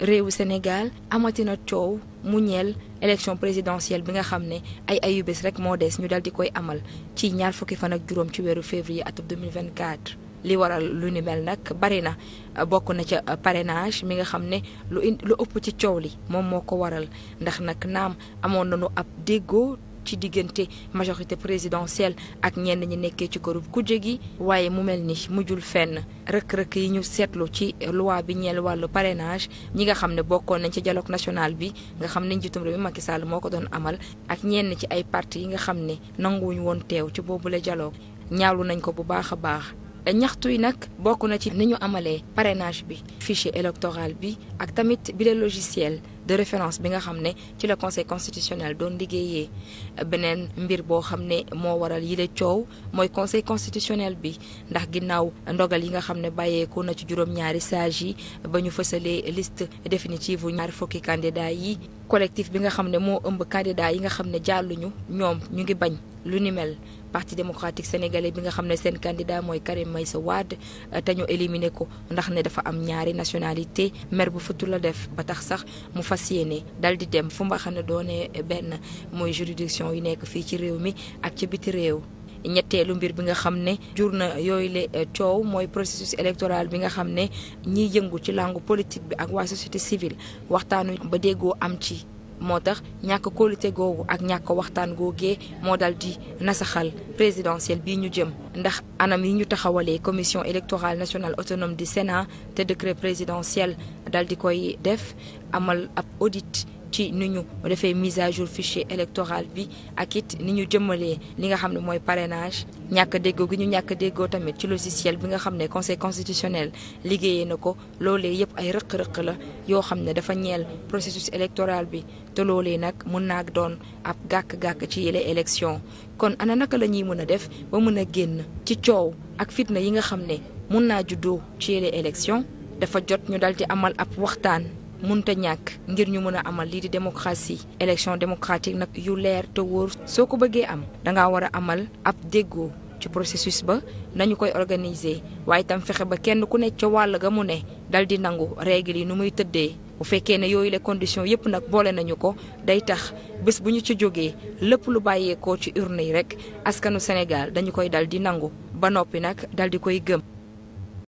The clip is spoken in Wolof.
réewu Sénégal amati na coow mu ñeel élection présidentielle bi nga xam ne ay ayubés rek moo des ñu dal di koy amal ci ñaar fukki fan ak juróom ci weeru février atum 2024 li waral lu ni mel nag bari na bokk na ca parrainage mi nga xam ne lu in lu ëpp ci coow li moom moo ko waral ndax nag naam amoon nañu ab déggoo ci diggante majorité présidentielle ak ñenn ñi nekkee ci këru kujje gi waaye mu mel ni mujjul fenn rëkk-rëkk yi ñu seetlu ci loi bi ñeel wàllu parrainage ñi nga xam ne bokkoon nañ ci dialogue national bi nga xam ne njiitum réew mi Macky Sall moo ko doon amal ak ñenn ci ay parti yi nga xam ne nanguwuñu woon teew ci boobule jaloog ñaawlu nañ ko bu baax a baax ñaxtu yi nag bokk na ci ni ñu amalee parrainage bi fichier électoral bi ak tamit bile logiciel de référence bi nga xam ne ci la conseil constitutionnel doon liggéeyee beneen mbir boo xam ne moo waral yile coow mooy conseil constitutionnel bi ndax ginnaaw ndogal yi nga xam ne bàyyeeku na ci juróom-ñaari sages yi ba ñu fësalee liste définitive ñaari fukki candidat yi collectif bi nga xam ne moo ëmb candidat yi nga xam ne jàlluñu ñoom ñu ngi bañ lu ni mel parti démocratique sénégalais bi nga xam ne seen candidat mooy Karim Meïssa Wade euh, te ñu éliminé ko ndax ne dafa am ñaari nationalité mer bu futu la def ba tax sax mu fas yéene dal di dem fu mba xam ne doone benn mooy juridiction yu nekk fii ci réew mi ak ci biti réew ñetteelu mbir bi nga xam ne jur na yooyu le eh, coow mooy processus électoral bi nga xam ne ñiy yëngu ci langue politique bi ak waa société civile waxtaanu ba déggoo am ci moo tax ñàkk kóolute googu ak ñàkk waxtaan googee moo dal di nasaxal présidentielle bii ñu jëm ndax anam yi ñu taxawalee commission électoral national autonome di Sénat te décret présidentiel dal di koy def amal ab audit ci ni ñu defee mise à jour fichier électoral bi ak it ni ñu jëmalee li nga xam ne mooy parrainage ñàkk déggoo gi ñu ñàkk déggoo tamit ci logiciel bi nga xam ne conseil constitutionnel liggéeyee na ko loolee yëpp ay rëq-rëq la yoo xam ne dafa ñeel processus électoral bi te loolee nag mun naa doon ab gàkk-gàkk ci yële élection kon ana naka la ñuy mën a def ba mën a génn ci coow ak fitna yi nga xam ne mun naa juddoo ci yële élection dafa jot ñu dal ci amal ab waxtaan mënut ñàkk ngir ñu mën a amal lii di démocratie élection démocratique nag yu leer te wóor soo ko bëggee am dangaa war a amal ab déggoo ci processus ba nañu koy organiser waaye itam fexe ba kenn ku ne ca wàll ga mu ne dal di nangu règle yi nu muy tëddee bu fekkee ne yooyu les conditions yëpp nag boole nañu ko day tax bés bu ñu ci jógee lépp lu bàyyeekoo ci urne yi rek askanu Sénégal dañu koy dal di nangu ba noppi nag dal di koy gëm.